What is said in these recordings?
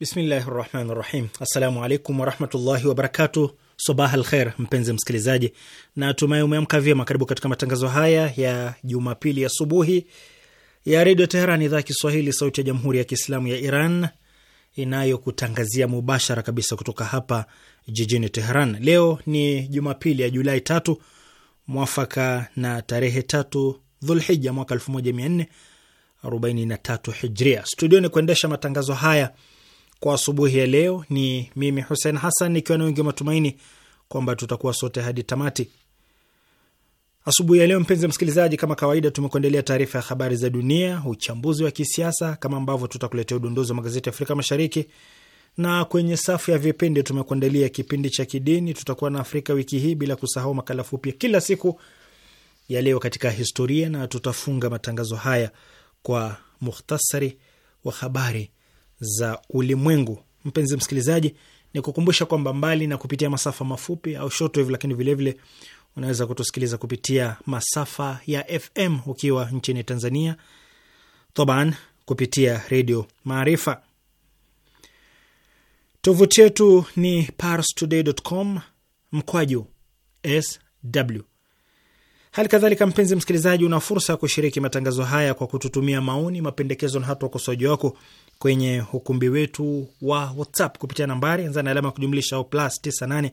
Bismillahi rahmani rahim. Assalamu alaikum warahmatullahi wabarakatuh. Sabah al kher, mpenzi msikilizaji, na umeamka vyema. Karibu katika matangazo haya ya Jumapili asubuhi ya, ya Redio Teheran, idhaa ya Kiswahili, sauti ya Jamhuri ya Kiislamu ya Iran inayokutangazia mubashara kabisa kutoka hapa jijini Teheran. Leo ni Jumapili ya Julai tatu mwafaka na tarehe tatu Dhulhija mwaka elfu moja mia nne arobaini na tatu Hijria. Studioni kuendesha matangazo haya kwa asubuhi ya leo. Ni mimi Hussein Hassan nikiwa na wengi wa matumaini kwamba tutakuwa sote hadi tamati asubuhi ya leo. Mpenzi msikilizaji, kama kawaida, tumekuandalia taarifa ya habari za dunia, uchambuzi wa kisiasa, kama ambavyo tutakuletea udondozi wa magazeti ya Afrika Mashariki, na kwenye safu ya vipindi tumekuandalia kipindi cha kidini, tutakuwa na Afrika wiki hii, bila kusahau makala fupi kila siku ya leo katika historia, na tutafunga matangazo haya kwa muhtasari wa habari za ulimwengu. Mpenzi msikilizaji, ni kukumbusha kwamba mbali na kupitia masafa mafupi au shortwave, lakini vilevile unaweza kutusikiliza kupitia masafa ya FM ukiwa nchini Tanzania toban kupitia Redio Maarifa. Tovuti yetu ni parstoday.com mkwaju sw. Hali kadhalika, mpenzi msikilizaji, una fursa ya kushiriki matangazo haya kwa kututumia maoni, mapendekezo na hata ukosoaji wako kwenye ukumbi wetu wa WhatsApp kupitia nambari anza na alama ya kujumlisha au plus 98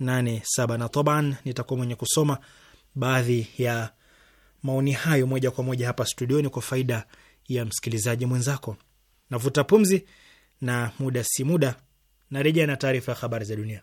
9035065487 na toban nitakuwa mwenye kusoma baadhi ya maoni hayo moja kwa moja hapa studioni kwa faida ya msikilizaji mwenzako. Navuta pumzi, na muda si muda narejea na taarifa ya habari za dunia.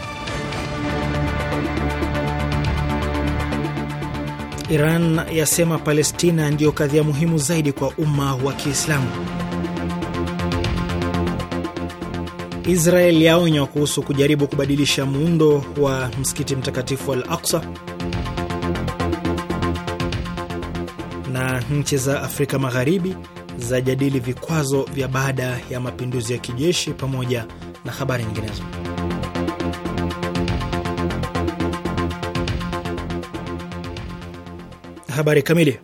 Iran yasema Palestina ndiyo kadhia muhimu zaidi kwa umma wa Kiislamu. Israel yaonywa kuhusu kujaribu kubadilisha muundo wa msikiti mtakatifu Al aksa na nchi za Afrika Magharibi zajadili vikwazo vya baada ya mapinduzi ya kijeshi, pamoja na habari nyinginezo. Habari kamili.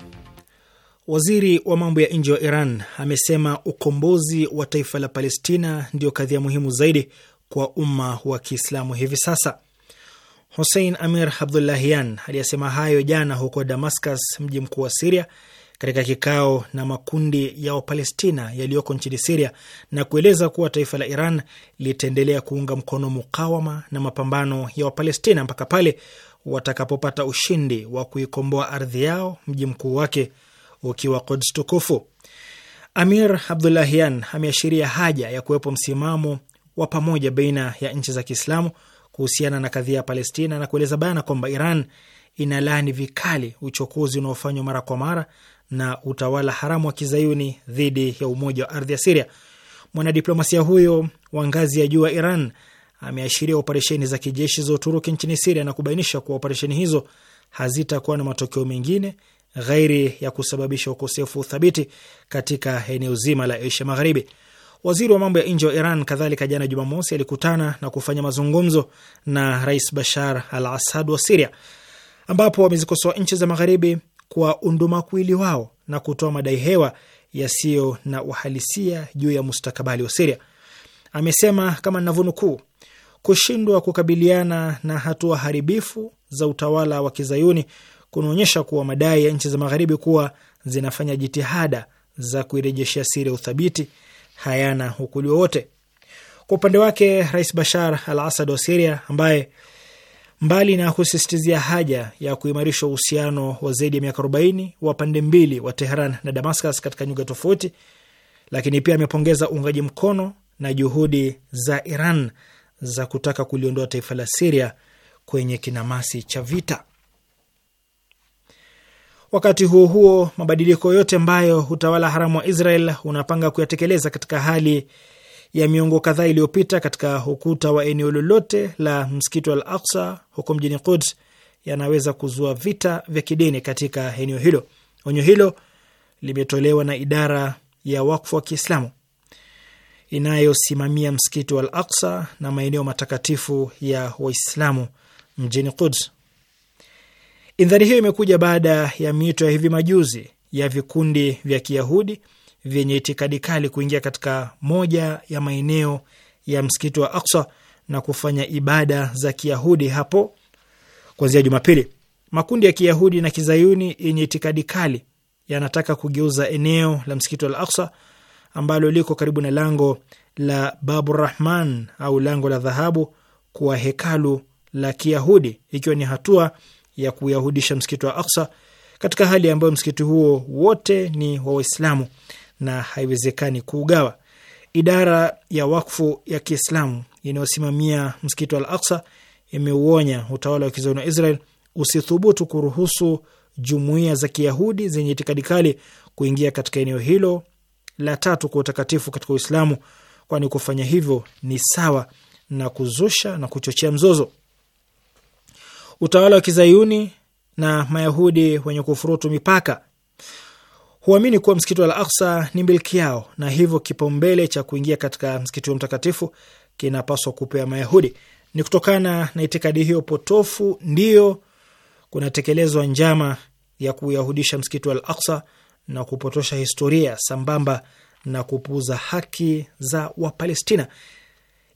Waziri wa mambo ya nje wa Iran amesema ukombozi wa taifa la Palestina ndio kadhia muhimu zaidi kwa umma wa Kiislamu hivi sasa. Hussein Amir Abdullahian aliyesema hayo jana huko Damascus, mji mkuu wa Siria, katika kikao na makundi ya Wapalestina yaliyoko nchini Siria na kueleza kuwa taifa la Iran litaendelea kuunga mkono mukawama na mapambano ya Wapalestina mpaka pale watakapopata ushindi wa kuikomboa ardhi yao, mji mkuu wake ukiwa Quds tukufu. Amir Abdullahian ameashiria haja ya kuwepo msimamo wa pamoja baina ya nchi za Kiislamu kuhusiana na kadhia ya Palestina na kueleza bayana kwamba Iran inalaani vikali uchokozi unaofanywa mara kwa mara na utawala haramu wa kizayuni dhidi ya umoja wa ardhi ya Siria. Mwanadiplomasia huyo wa ngazi ya juu wa Iran ameashiria operesheni za kijeshi za Uturuki nchini Siria na kubainisha kuwa operesheni hizo hazitakuwa na matokeo mengine ghairi ya kusababisha ukosefu uthabiti katika eneo zima la Asia Magharibi. Waziri wa mambo ya nje wa Iran kadhalika jana Jumamosi alikutana na kufanya mazungumzo na Rais Bashar al Assad wa Siria, ambapo wamezikosoa nchi za Magharibi kwa undumakuwili wao na kutoa madai hewa yasiyo na uhalisia juu ya mustakabali wa Siria. Amesema kama ninavyonukuu, Kushindwa kukabiliana na hatua haribifu za utawala wa kizayuni kunaonyesha kuwa madai ya nchi za magharibi kuwa zinafanya jitihada za kuirejeshea Siria uthabiti hayana ukweli wowote. Kwa upande wake, Rais Bashar al Asad wa Siria, ambaye mbali na kusisitizia haja ya kuimarisha uhusiano wa zaidi ya miaka arobaini wa pande mbili wa Teheran na Damascus katika nyuga tofauti, lakini pia amepongeza uungaji mkono na juhudi za Iran za kutaka kuliondoa taifa la Siria kwenye kinamasi cha vita. Wakati huo huo, mabadiliko yote ambayo utawala haramu wa Israel unapanga kuyatekeleza katika hali ya miongo kadhaa iliyopita katika ukuta wa eneo lolote la msikiti Al Aksa huko mjini Quds yanaweza kuzua vita vya kidini katika eneo hilo. Onyo hilo limetolewa na idara ya wakfu wa Kiislamu inayosimamia msikiti wa Al Aksa na maeneo matakatifu ya Waislamu mjini Quds. Indhari hiyo imekuja baada ya mito ya hivi majuzi ya vikundi vya Kiyahudi vyenye itikadi kali kuingia katika moja ya maeneo ya msikiti wa Aksa na kufanya ibada za Kiyahudi hapo kuanzia Jumapili. Makundi ya Kiyahudi na Kizayuni yenye itikadi kali yanataka kugeuza eneo la msikiti wa Al Aksa ambalo liko karibu na lango la Babu Rahman au lango la dhahabu kuwa hekalu la Kiyahudi, ikiwa ni hatua ya kuyahudisha msikiti wa Aksa katika hali ambayo msikiti huo wote ni wa Waislamu na haiwezekani kuugawa. Idara ya wakfu ya Kiislamu inayosimamia msikiti wa Al Aksa imeuonya utawala wa kizayuni wa Israel usithubutu kuruhusu jumuiya za Kiyahudi zenye itikadi kali kuingia katika eneo hilo la tatu kwa utakatifu katika Uislamu, kwani kufanya hivyo ni sawa na kuzusha na kuchochea mzozo. Utawala wa kizayuni na mayahudi wenye kufurutu mipaka huamini kuwa msikiti wa Al-Aqsa ni milki yao, na hivyo kipaumbele cha kuingia katika msikiti huo mtakatifu kinapaswa kupewa Mayahudi. Ni kutokana na itikadi hiyo potofu ndiyo kunatekelezwa njama ya kuyahudisha msikiti wa Al-Aqsa na kupotosha historia sambamba na kupuuza haki za Wapalestina.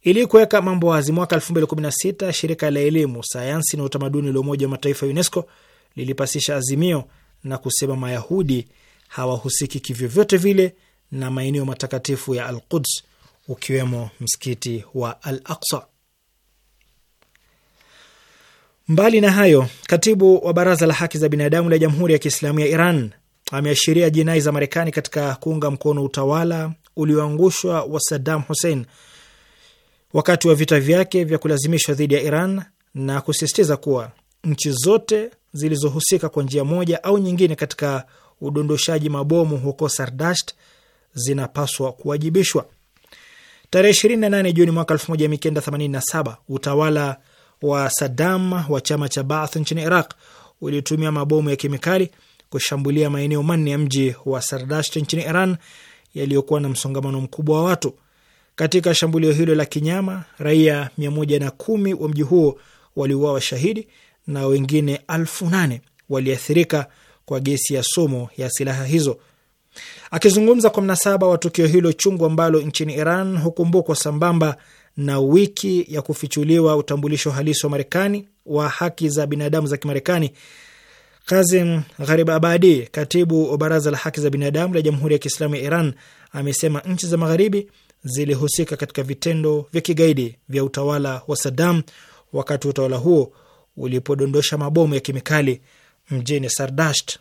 Ili kuweka mambo wazi, mwaka 2016 shirika la elimu, sayansi na utamaduni la Umoja wa Mataifa UNESCO lilipasisha azimio na kusema Mayahudi hawahusiki kivyovyote vile na maeneo matakatifu ya Al Quds ukiwemo msikiti wa Al Aqsa. Mbali na hayo, katibu wa Baraza la Haki za Binadamu la Jamhuri ya Kiislamu ya Iran ameashiria jinai za Marekani katika kuunga mkono utawala ulioangushwa wa Saddam Hussein wakati wa vita vyake vya kulazimishwa dhidi ya Iran na kusisitiza kuwa nchi zote zilizohusika kwa njia moja au nyingine katika udondoshaji mabomu huko Sardasht zinapaswa kuwajibishwa. Tarehe 28 Juni mwaka 1987 utawala wa Saddam wa chama cha Baath nchini Iraq ulitumia mabomu ya kemikali kushambulia maeneo manne ya mji wa Sardasht nchini Iran yaliyokuwa na msongamano mkubwa wa watu. Katika shambulio hilo la kinyama, raia kumi wa mji huo waliuawa shahidi na wengine alfu nane waliathirika kwa gesi ya sumu ya silaha hizo. Akizungumza kwa mnasaba wa tukio hilo chungu ambalo nchini Iran hukumbukwa sambamba na wiki ya kufichuliwa utambulisho halisi wa Marekani wa haki za binadamu za Kimarekani, Kazim abadi katibu wa baraza la haki za binadamu la Jamhuri ya Kiislamu ya Iran, amesema nchi za Magharibi zilihusika katika vitendo vya kigaidi vya utawala wa Saddam wakati utawala huo ulipodondosha mabomu ya kemikali mjini Sardasht.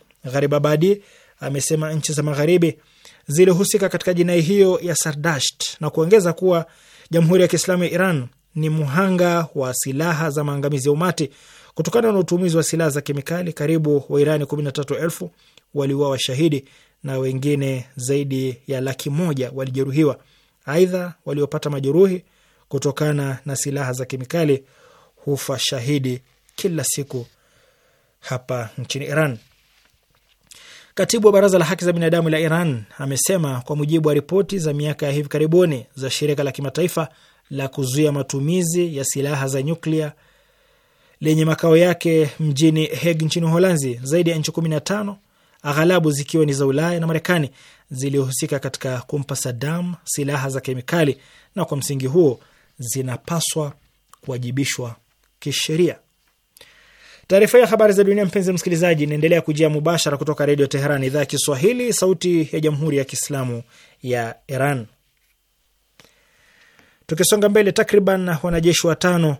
Abadi amesema nchi za Magharibi zilihusika katika jinai hiyo ya Sardasht na kuongeza kuwa Jamhuri ya Kiislamu ya Iran ni mhanga wa silaha za maangamizi ya umati Kutokana na utumizi wa silaha za kemikali, karibu Wairani 13,000 waliuawa shahidi na wengine zaidi ya laki moja walijeruhiwa. Aidha, waliopata majeruhi kutokana na silaha za kemikali hufa shahidi kila siku hapa nchini Iran. Katibu wa Baraza la Haki za Binadamu la Iran amesema kwa mujibu wa ripoti za miaka ya hivi karibuni za shirika la kimataifa la kuzuia matumizi ya silaha za nyuklia lenye makao yake mjini Hague nchini Uholanzi. Zaidi ya nchi kumi na tano aghalabu zikiwa ni za Ulaya na Marekani zilihusika katika kumpa Saddam silaha za kemikali, na kwa msingi huo zinapaswa kuwajibishwa kisheria. Taarifa ya habari za dunia, mpenzi msikilizaji, inaendelea kujia mubashara kutoka Redio Teheran, idhaa ya Kiswahili, sauti ya Jamhuri ya Kiislamu ya Iran. Tukisonga mbele, takriban wanajeshi watano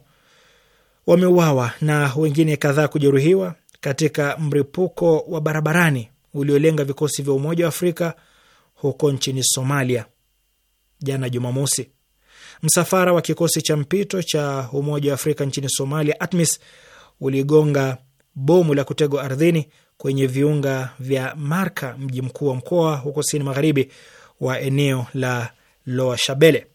wameuawa na wengine kadhaa kujeruhiwa katika mripuko wa barabarani uliolenga vikosi vya Umoja wa Afrika huko nchini Somalia jana Jumamosi. Msafara wa kikosi cha mpito cha Umoja wa Afrika nchini Somalia, ATMIS, uligonga bomu la kutegwa ardhini kwenye viunga vya Marka, mji mkuu wa mkoa huko kusini magharibi wa eneo la Loa Shabele.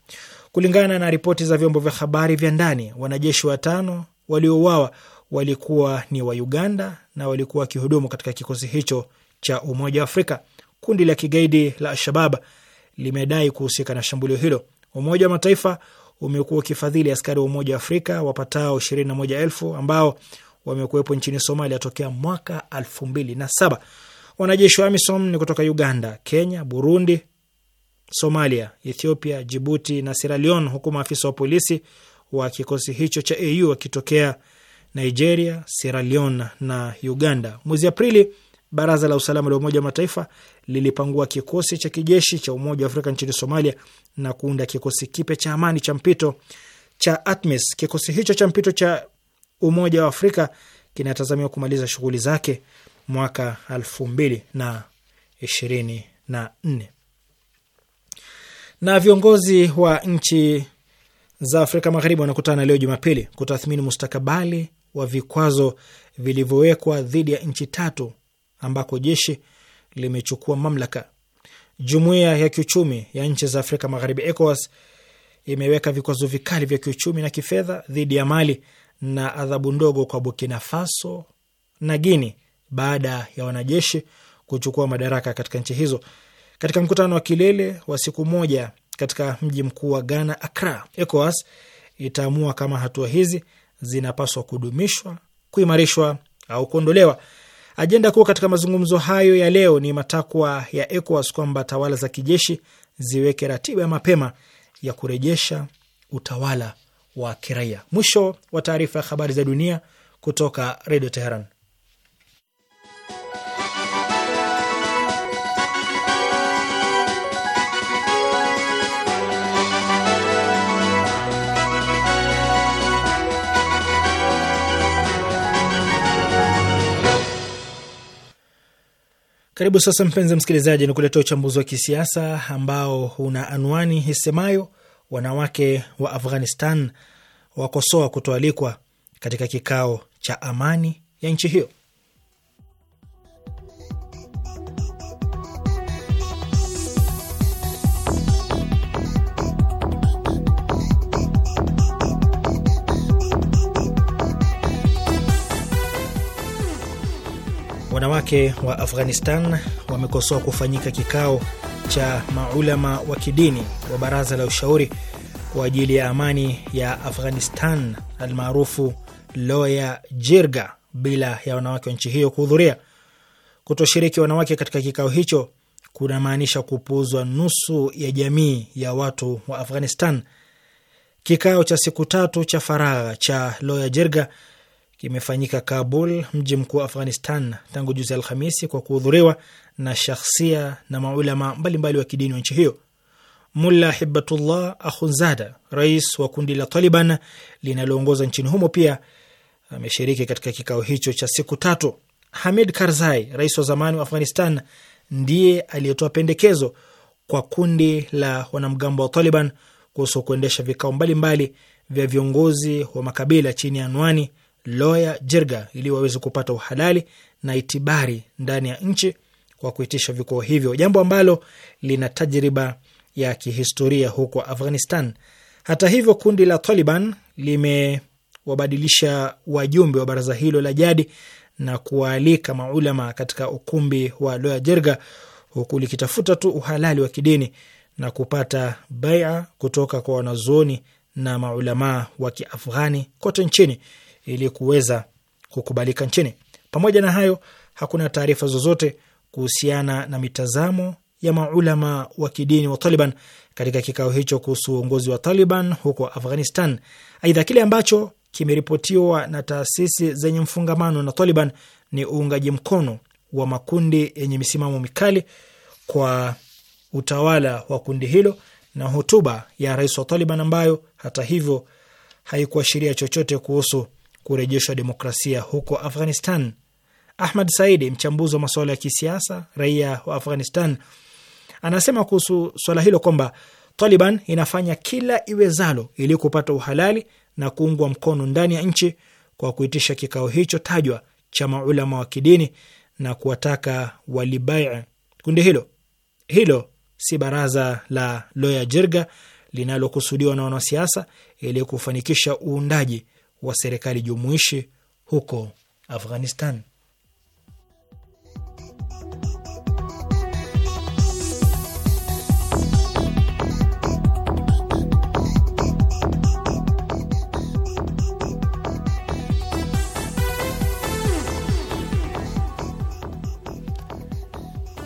Kulingana na ripoti za vyombo vya habari vya ndani, wanajeshi watano waliouawa walikuwa ni wa Uganda na walikuwa wakihudumu katika kikosi hicho cha Umoja wa Afrika. Kundi la kigaidi la Alshabab limedai kuhusika na shambulio hilo. Umoja wa Mataifa umekuwa ukifadhili askari wa Umoja wa Afrika wapatao ishirini na moja elfu ambao wamekuwepo nchini Somalia tokea mwaka elfu mbili na saba. Wanajeshi wa AMISOM ni kutoka Uganda, Kenya, Burundi, Somalia, Ethiopia, Jibuti na Sierra Leone, huku maafisa wa polisi wa kikosi hicho cha AU wakitokea Nigeria, Sierra Leone na Uganda. Mwezi Aprili, baraza la usalama la Umoja wa Mataifa lilipangua kikosi cha kijeshi cha Umoja wa Afrika nchini Somalia na kuunda kikosi kipya cha amani cha mpito cha ATMIS. Kikosi hicho cha mpito cha Umoja wa Afrika kinatazamiwa kumaliza shughuli zake mwaka elfu mbili na ishirini na nne. Na viongozi wa nchi za Afrika Magharibi wanakutana leo Jumapili kutathmini mustakabali wa vikwazo vilivyowekwa dhidi ya nchi tatu ambako jeshi limechukua mamlaka. Jumuiya ya kiuchumi ya nchi za Afrika Magharibi, ECOWAS, imeweka vikwazo vikali vya kiuchumi na kifedha dhidi ya Mali na adhabu ndogo kwa Burkina Faso na Guini baada ya wanajeshi kuchukua madaraka katika nchi hizo. Katika mkutano wa kilele wa siku moja katika mji mkuu wa Ghana, Accra. ECOWAS itaamua kama hatua hizi zinapaswa kudumishwa, kuimarishwa au kuondolewa. Ajenda kuu katika mazungumzo hayo ya leo ni matakwa ya ECOWAS kwamba tawala za kijeshi ziweke ratiba ya mapema ya kurejesha utawala wa kiraia. Mwisho wa taarifa ya habari za dunia kutoka Redio Teheran. Karibu sasa, mpenzi msikilizaji, ni kuletea uchambuzi wa kisiasa ambao una anwani isemayo wanawake wa Afghanistan wakosoa kutoalikwa katika kikao cha amani ya nchi hiyo. wanawake wa Afghanistan wamekosoa kufanyika kikao cha maulama wa kidini wa baraza la ushauri kwa ajili ya amani ya Afghanistan almaarufu Loya Jirga bila ya wanawake wa nchi hiyo kuhudhuria. Kutoshiriki wanawake katika kikao hicho kunamaanisha kupuuzwa nusu ya jamii ya watu wa Afghanistan. Kikao cha siku tatu cha faragha cha Loya Jirga kimefanyika Kabul, mji mkuu wa Afghanistan, tangu juzi Alhamisi kwa kuhudhuriwa na shakhsia na maulama mbalimbali wa kidini wa nchi hiyo. Mulla Hibatullah Akhundzada, rais wa kundi la Taliban linaloongoza nchini humo, pia ameshiriki katika kikao hicho cha siku tatu. Hamid Karzai, rais wa zamani wa Afghanistan, ndiye aliyetoa pendekezo kwa kundi la wanamgambo wa Taliban kuhusu kuendesha vikao mbalimbali vya viongozi wa makabila chini ya anwani Loya Jirga ili waweze kupata uhalali na itibari ndani ya nchi kwa kuitisha vikao hivyo, jambo ambalo lina tajriba ya kihistoria huko Afghanistan. Hata hivyo, kundi la Taliban limewabadilisha wajumbe wa baraza hilo la jadi na kuwaalika maulama katika ukumbi wa Loya Jirga, huku likitafuta tu uhalali wa kidini na kupata baia kutoka kwa wanazuoni na maulamaa wa Kiafghani kote nchini ili kuweza kukubalika nchini. Pamoja na hayo, hakuna taarifa zozote kuhusiana na mitazamo ya maulama wa kidini wa Taliban katika kikao hicho kuhusu uongozi wa Taliban huko Afghanistan. Aidha, kile ambacho kimeripotiwa na taasisi zenye mfungamano na Taliban ni uungaji mkono wa makundi yenye misimamo mikali kwa utawala wa kundi hilo na hotuba ya rais wa Taliban ambayo hata hivyo haikuashiria chochote kuhusu kurejeshwa demokrasia huko Afghanistan. Ahmad Saidi, mchambuzi wa masuala ya kisiasa, raia wa Afghanistan, anasema kuhusu swala hilo kwamba Taliban inafanya kila iwezalo ili kupata uhalali na kuungwa mkono ndani ya nchi kwa kuitisha kikao hicho tajwa cha maulama wa kidini na kuwataka walibai kundi hilo hilo si baraza la Loya Jirga linalokusudiwa na wanasiasa ili kufanikisha uundaji wa serikali jumuishi huko Afghanistan.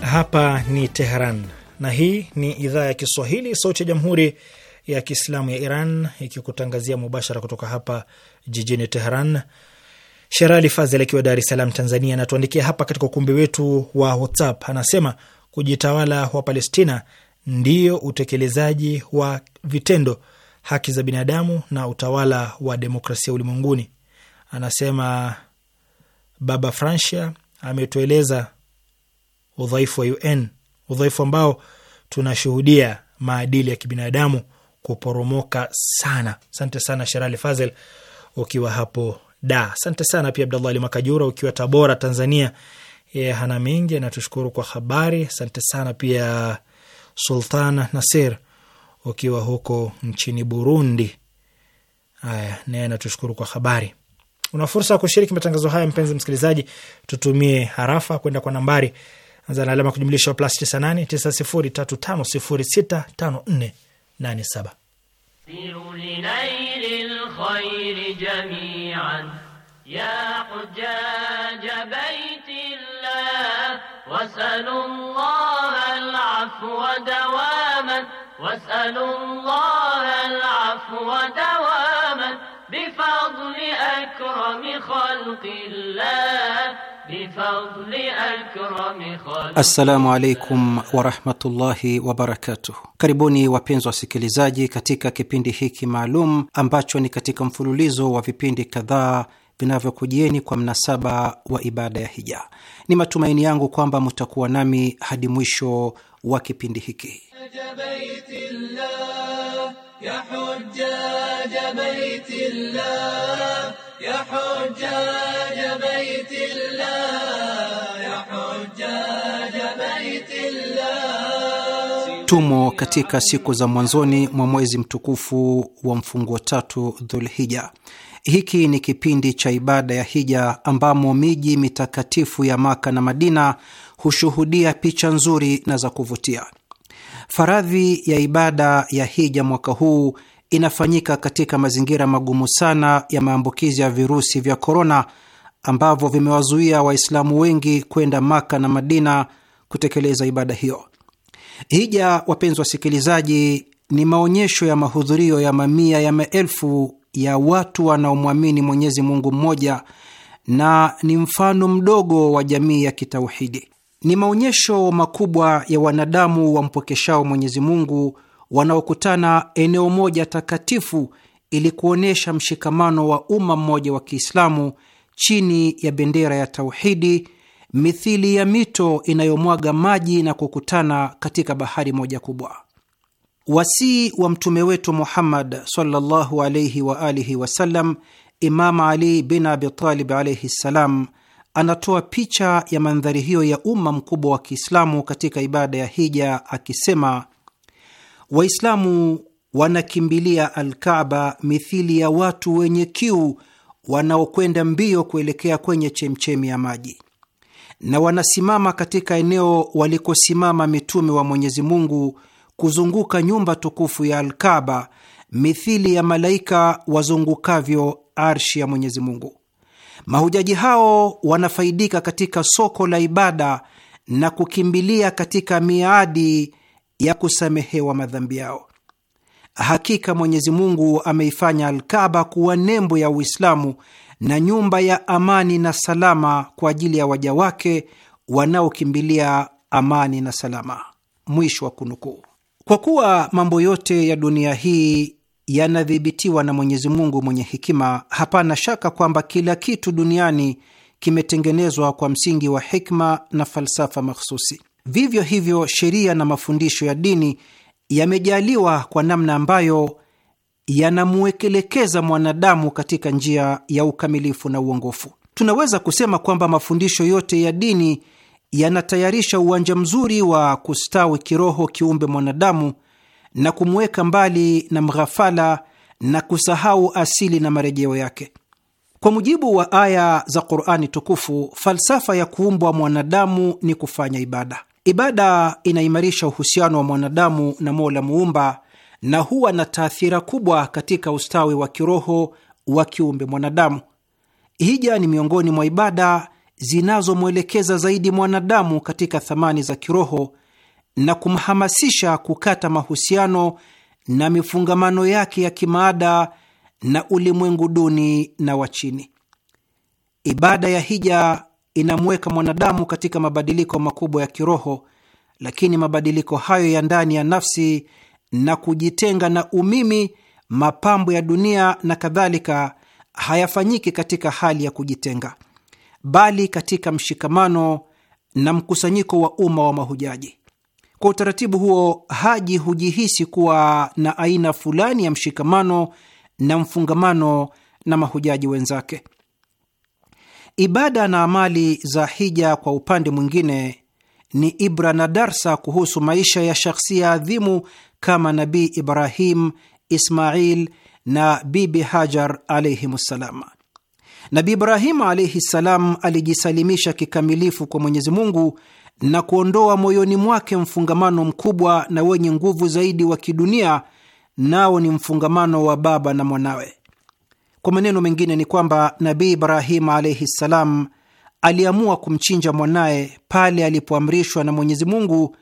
Hapa ni Teheran na hii ni idhaa ya Kiswahili, sauti ya jamhuri ya Kiislamu ya Iran ikikutangazia mubashara kutoka hapa jijini Tehran. Sherali Fazel akiwa Dar es Salaam, Tanzania, anatuandikia hapa katika ukumbi wetu wa WhatsApp. Anasema kujitawala wa Palestina ndiyo utekelezaji wa vitendo haki za binadamu na utawala wa demokrasia ulimwenguni. Anasema Baba Francia ametueleza udhaifu wa UN, udhaifu ambao tunashuhudia maadili ya kibinadamu kuporomoka sana. Asante sana Sherali Fazel ukiwa hapo Da. Asante sana pia Abdallah Ali Makajura ukiwa Tabora, Tanzania. Yeye hana mengi, anatushukuru kwa habari. Asante sana pia Sultan Nasir ukiwa huko nchini Burundi. Haya, naye anatushukuru kwa habari. Una fursa ya kushiriki matangazo haya, mpenzi msikilizaji, tutumie harafa kwenda kwa nambari, anza na alama kujumlisha plus 98 90350654 87 لنيل الخير جميعا يا حجاج بيت الله واسألوا الله العفو دواما واسألوا الله العفو دواما بفضل أكرم خلق الله Assalamu alaikum warahmatullahi wabarakatuh. Karibuni wapenzi wasikilizaji, katika kipindi hiki maalum ambacho ni katika mfululizo wa vipindi kadhaa vinavyokujieni kwa mnasaba wa ibada ya hija. Ni matumaini yangu kwamba mutakuwa nami hadi mwisho wa kipindi hiki ya بيت الله يا حجاج بيت الله يا حجاج بيت الله. Tumo katika siku za mwanzoni mwa mwezi mtukufu wa mfunguo tatu Dhulhija. Hiki ni kipindi cha ibada ya hija ambamo miji mitakatifu ya Maka na Madina hushuhudia picha nzuri na za kuvutia. Faradhi ya ibada ya hija mwaka huu inafanyika katika mazingira magumu sana ya maambukizi ya virusi vya korona ambavyo vimewazuia Waislamu wengi kwenda Maka na Madina kutekeleza ibada hiyo. Hija, wapenzi wasikilizaji, ni maonyesho ya mahudhurio ya mamia ya maelfu ya watu wanaomwamini Mwenyezi Mungu mmoja na ni mfano mdogo wa jamii ya kitauhidi. Ni maonyesho makubwa ya wanadamu wampokeshao Mwenyezi Mungu wanaokutana eneo moja takatifu ili kuonyesha mshikamano wa umma mmoja wa Kiislamu chini ya bendera ya tauhidi, mithili ya mito inayomwaga maji na kukutana katika bahari moja kubwa. Wasii wa mtume wetu Muhammad sallallahu alayhi wa alihi wasallam, Imam Ali bin Abi Talib alayhi ssalam, anatoa picha ya mandhari hiyo ya umma mkubwa wa Kiislamu katika ibada ya hija akisema Waislamu wanakimbilia alkaba mithili ya watu wenye kiu wanaokwenda mbio kuelekea kwenye chemchemi ya maji, na wanasimama katika eneo walikosimama mitume wa Mwenyezi Mungu kuzunguka nyumba tukufu ya alkaba mithili ya malaika wazungukavyo arshi ya Mwenyezi Mungu. Mahujaji hao wanafaidika katika soko la ibada na kukimbilia katika miadi ya kusamehewa madhambi yao. Hakika Mwenyezi Mungu ameifanya Alkaba kuwa nembo ya Uislamu na nyumba ya amani na salama kwa ajili ya waja wake wanaokimbilia amani na salama. Mwisho wa kunukuu. Kwa kuwa mambo yote ya dunia hii yanadhibitiwa na Mwenyezi Mungu mwenye hikima hapana shaka kwamba kila kitu duniani kimetengenezwa kwa msingi wa hikma na falsafa makhususi. Vivyo hivyo, sheria na mafundisho ya dini yamejaliwa kwa namna ambayo yanamuwekelekeza mwanadamu katika njia ya ukamilifu na uongofu. Tunaweza kusema kwamba mafundisho yote ya dini yanatayarisha uwanja mzuri wa kustawi kiroho kiumbe mwanadamu na kumweka mbali na mghafala na kusahau asili na marejeo yake. Kwa mujibu wa aya za Qur'ani tukufu, falsafa ya kuumbwa mwanadamu ni kufanya ibada. Ibada inaimarisha uhusiano wa mwanadamu na Mola Muumba na huwa na taathira kubwa katika ustawi wa kiroho wa kiumbe mwanadamu. Hija ni miongoni mwa ibada zinazomwelekeza zaidi mwanadamu katika thamani za kiroho na kumhamasisha kukata mahusiano na mifungamano yake ya kimaada na ulimwengu duni na wa chini. Ibada ya hija inamweka mwanadamu katika mabadiliko makubwa ya kiroho, lakini mabadiliko hayo ya ndani ya nafsi na kujitenga na umimi, mapambo ya dunia na kadhalika, hayafanyiki katika hali ya kujitenga, bali katika mshikamano na mkusanyiko wa umma wa mahujaji. Kwa utaratibu huo, haji hujihisi kuwa na aina fulani ya mshikamano na mfungamano na mahujaji wenzake. Ibada na amali za hija, kwa upande mwingine, ni ibra na darsa kuhusu maisha ya shakhsia adhimu kama Nabii Ibrahim, Ismail na Bibi Hajar alaihim ssalam. Nabii Ibrahimu alaihi ssalam alijisalimisha kikamilifu kwa Mwenyezi Mungu na kuondoa moyoni mwake mfungamano mkubwa na wenye nguvu zaidi wa kidunia, nao ni mfungamano wa baba na mwanawe. Kwa maneno mengine ni kwamba Nabii Ibrahim alaihi ssalam aliamua kumchinja mwanaye pale alipoamrishwa na Mwenyezi Mungu,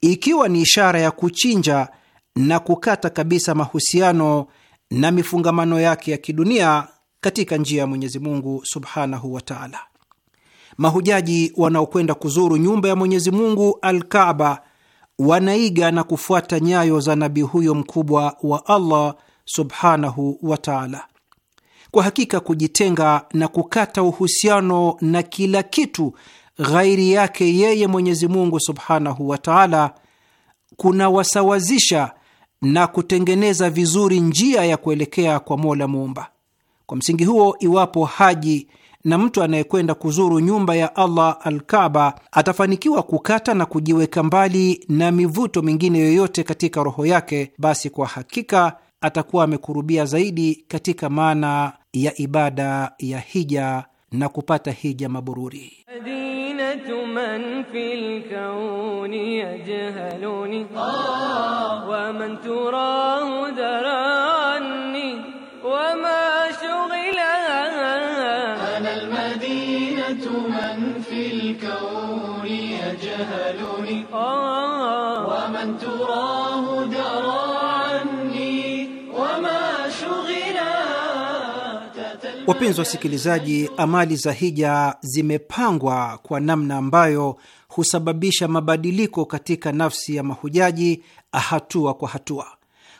ikiwa ni ishara ya kuchinja na kukata kabisa mahusiano na mifungamano yake ya kidunia katika njia ya Mwenyezi Mungu subhanahu wa taala. Mahujaji wanaokwenda kuzuru nyumba ya Mwenyezi Mungu al wanaiga na kufuata nyayo za nabii huyo mkubwa wa Allah subhanahu wa taala. Kwa hakika kujitenga na kukata uhusiano na kila kitu ghairi yake yeye Mwenyezi Mungu subhanahu wa taala kunawasawazisha na kutengeneza vizuri njia ya kuelekea kwa Mola Muumba. Kwa msingi huo, iwapo haji na mtu anayekwenda kuzuru nyumba ya Allah Alkaba atafanikiwa kukata na kujiweka mbali na mivuto mingine yoyote katika roho yake, basi kwa hakika atakuwa amekurubia zaidi katika maana ya ibada ya hija na kupata hija mabururi. Wapenzi wasikilizaji, amali za hija zimepangwa kwa namna ambayo husababisha mabadiliko katika nafsi ya mahujaji ah, hatua kwa hatua.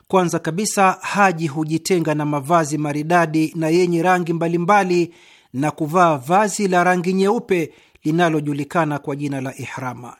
Kwanza kabisa, haji hujitenga na mavazi maridadi na yenye rangi mbalimbali na kuvaa vazi la rangi nyeupe linalojulikana kwa jina la ihrama.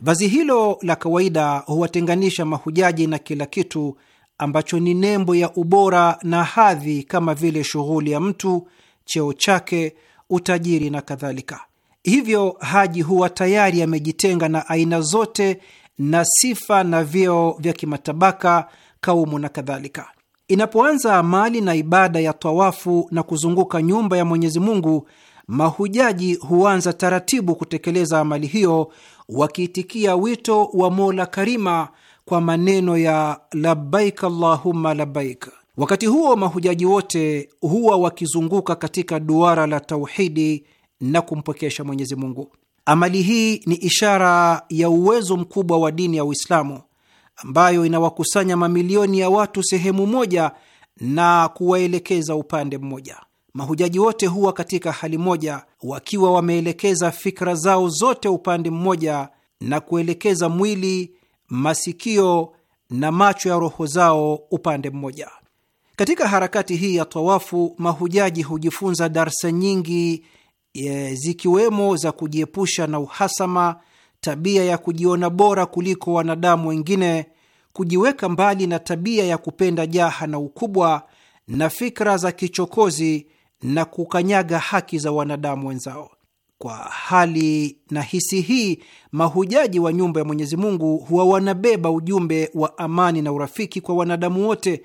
Vazi hilo la kawaida huwatenganisha mahujaji na kila kitu ambacho ni nembo ya ubora na hadhi kama vile shughuli ya mtu, cheo chake, utajiri na kadhalika. Hivyo haji huwa tayari amejitenga na aina zote na sifa na vyeo vya kimatabaka, kaumu na kadhalika. Inapoanza amali na ibada ya tawafu na kuzunguka nyumba ya Mwenyezi Mungu, mahujaji huanza taratibu kutekeleza amali hiyo, wakiitikia wito wa Mola Karima kwa maneno ya labbaik allahumma labbaik. Wakati huo mahujaji wote huwa wakizunguka katika duara la tauhidi na kumpwekesha Mwenyezi Mungu. Amali hii ni ishara ya uwezo mkubwa wa dini ya Uislamu ambayo inawakusanya mamilioni ya watu sehemu moja na kuwaelekeza upande mmoja. Mahujaji wote huwa katika hali moja, wakiwa wameelekeza fikra zao zote upande mmoja na kuelekeza mwili masikio na macho ya roho zao upande mmoja. Katika harakati hii ya tawafu, mahujaji hujifunza darsa nyingi e, zikiwemo za kujiepusha na uhasama, tabia ya kujiona bora kuliko wanadamu wengine, kujiweka mbali na tabia ya kupenda jaha na ukubwa, na fikra za kichokozi na kukanyaga haki za wanadamu wenzao. Kwa hali na hisi hii, mahujaji wa nyumba ya Mwenyezi Mungu huwa wanabeba ujumbe wa amani na urafiki kwa wanadamu wote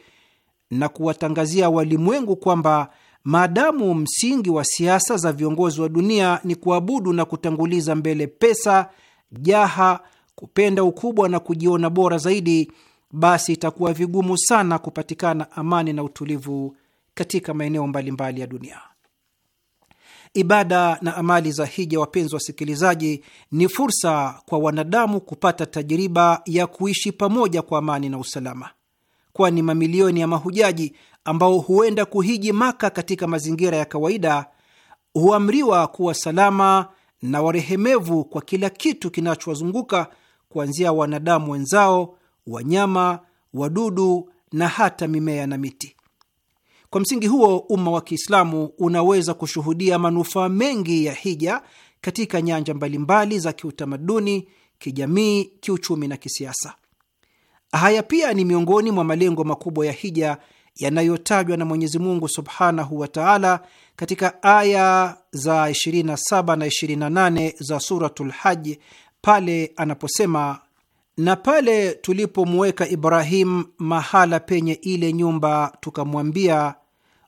na kuwatangazia walimwengu kwamba maadamu msingi wa siasa za viongozi wa dunia ni kuabudu na kutanguliza mbele pesa, jaha, kupenda ukubwa na kujiona bora zaidi, basi itakuwa vigumu sana kupatikana amani na utulivu katika maeneo mbalimbali ya dunia. Ibada na amali za hija, wapenzi wasikilizaji, ni fursa kwa wanadamu kupata tajiriba ya kuishi pamoja kwa amani na usalama, kwani mamilioni ya mahujaji ambao huenda kuhiji Maka katika mazingira ya kawaida huamriwa kuwa salama na warehemevu kwa kila kitu kinachowazunguka kuanzia wanadamu wenzao, wanyama, wadudu na hata mimea na miti. Kwa msingi huo, umma wa Kiislamu unaweza kushuhudia manufaa mengi ya hija katika nyanja mbalimbali za kiutamaduni, kijamii, kiuchumi na kisiasa. Haya pia ni miongoni mwa malengo makubwa ya hija yanayotajwa na Mwenyezi Mungu subhanahu wa taala katika aya za 27 na 28 za Suratul haj pale anaposema, na pale tulipomuweka Ibrahim mahala penye ile nyumba, tukamwambia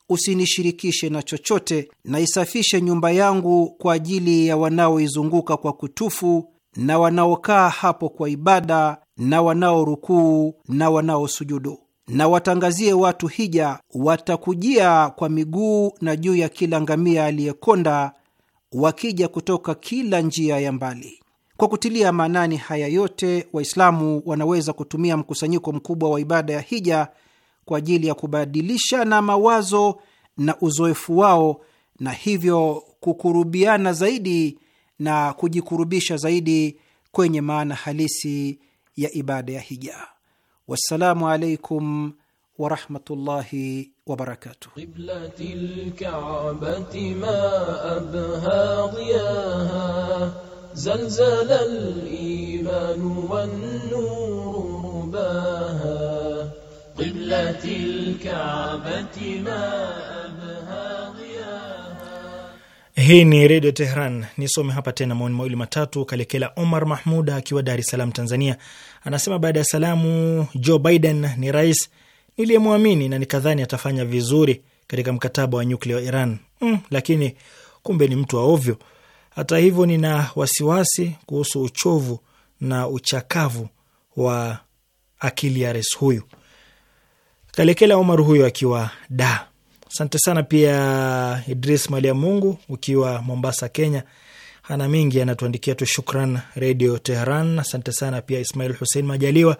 usinishirikishe na chochote, na isafishe nyumba yangu kwa ajili ya wanaoizunguka kwa kutufu na wanaokaa hapo kwa ibada na wanaorukuu na wanaosujudu na watangazie watu hija, watakujia kwa miguu na juu ya kila ngamia aliyekonda, wakija kutoka kila njia ya mbali. Kwa kutilia maanani haya yote, Waislamu wanaweza kutumia mkusanyiko mkubwa wa ibada ya hija kwa ajili ya kubadilisha na mawazo na uzoefu wao na hivyo kukurubiana zaidi na kujikurubisha zaidi kwenye maana halisi ya ibada ya hija. Wassalamu alaikum warahmatullahi wabarakatuh. Hii ni Redio Tehran. Nisome hapa tena maoni mawili matatu. Kalekela Omar Mahmud akiwa Dar es Salaam, Tanzania, anasema baada ya salamu, Joe Biden ni rais niliyemwamini na nikadhani atafanya vizuri katika mkataba wa nyuklia wa Iran. Mm, lakini kumbe ni mtu wa ovyo. Hata hivyo, nina wasiwasi kuhusu uchovu na uchakavu wa akili ya rais huyu. Kalekela Omar huyo akiwa da. Asante sana pia Idris Malia Mungu ukiwa Mombasa, Kenya. Hana mingi anatuandikia tu shukran Redio Teheran. Asante sana pia Ismail Hussein Majaliwa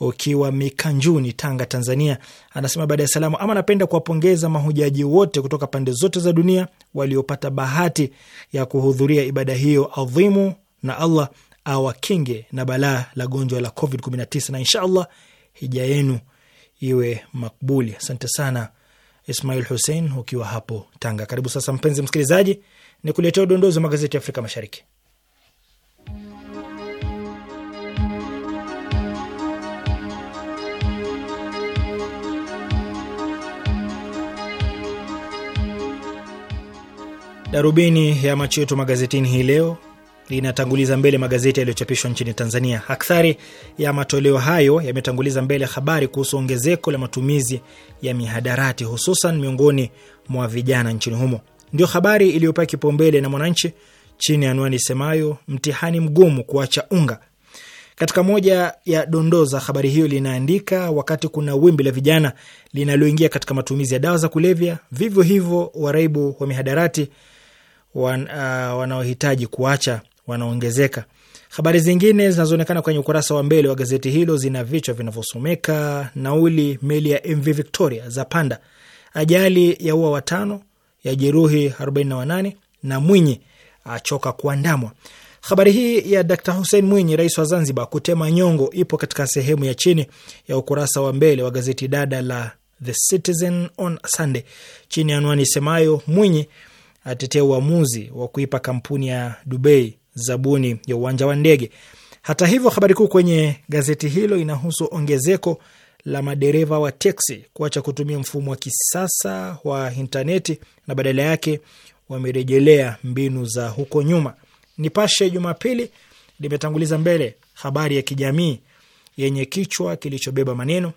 ukiwa Mikanjuni, Tanga, Tanzania, anasema baada ya salamu, ama napenda kuwapongeza mahujaji wote kutoka pande zote za dunia waliopata bahati ya kuhudhuria ibada hiyo adhimu, na Allah awakinge na balaa la gonjwa la COVID 19 na insha allah hija yenu iwe makbuli. Asante sana Ismail Hussein ukiwa hapo Tanga. Karibu sasa, mpenzi msikilizaji, ni kuletea udondozi wa magazeti ya Afrika Mashariki. Darubini ya macho yetu magazetini hii leo linatanguliza mbele magazeti yaliyochapishwa nchini Tanzania. Akthari ya matoleo hayo yametanguliza mbele habari kuhusu ongezeko la matumizi ya mihadarati, hususan miongoni mwa vijana nchini humo. Ndio habari iliyopewa kipaumbele na Mwananchi chini ya anwani semayo mtihani mgumu kuacha unga. Katika moja ya dondoo za habari hiyo linaandika, wakati kuna wimbi la vijana linaloingia katika matumizi ya dawa za kulevya, vivyo hivyo waraibu wa mihadarati wan, uh, wanaohitaji kuacha wanaongezeka. Habari zingine zinazoonekana kwenye ukurasa wa mbele wa gazeti hilo zina vichwa vinavyosomeka: nauli meli ya MV Victoria za panda, ajali ya ua watano ya jeruhi 48, na Mwinyi achoka kuandamwa. Habari hii ya Dkt Hussein Mwinyi, rais wa Zanzibar, kutema nyongo ipo katika sehemu ya chini ya ukurasa wa mbele wa gazeti dada la The Citizen on Sunday chini ya anwani isemayo Mwinyi atetea uamuzi wa kuipa kampuni ya Dubai zabuni ya uwanja wa ndege. Hata hivyo, habari kuu kwenye gazeti hilo inahusu ongezeko la madereva wa teksi kuacha kutumia mfumo wa kisasa wa intaneti na badala yake wamerejelea mbinu za huko nyuma. Nipashe Jumapili limetanguliza mbele habari ya kijamii yenye kichwa kilichobeba maneno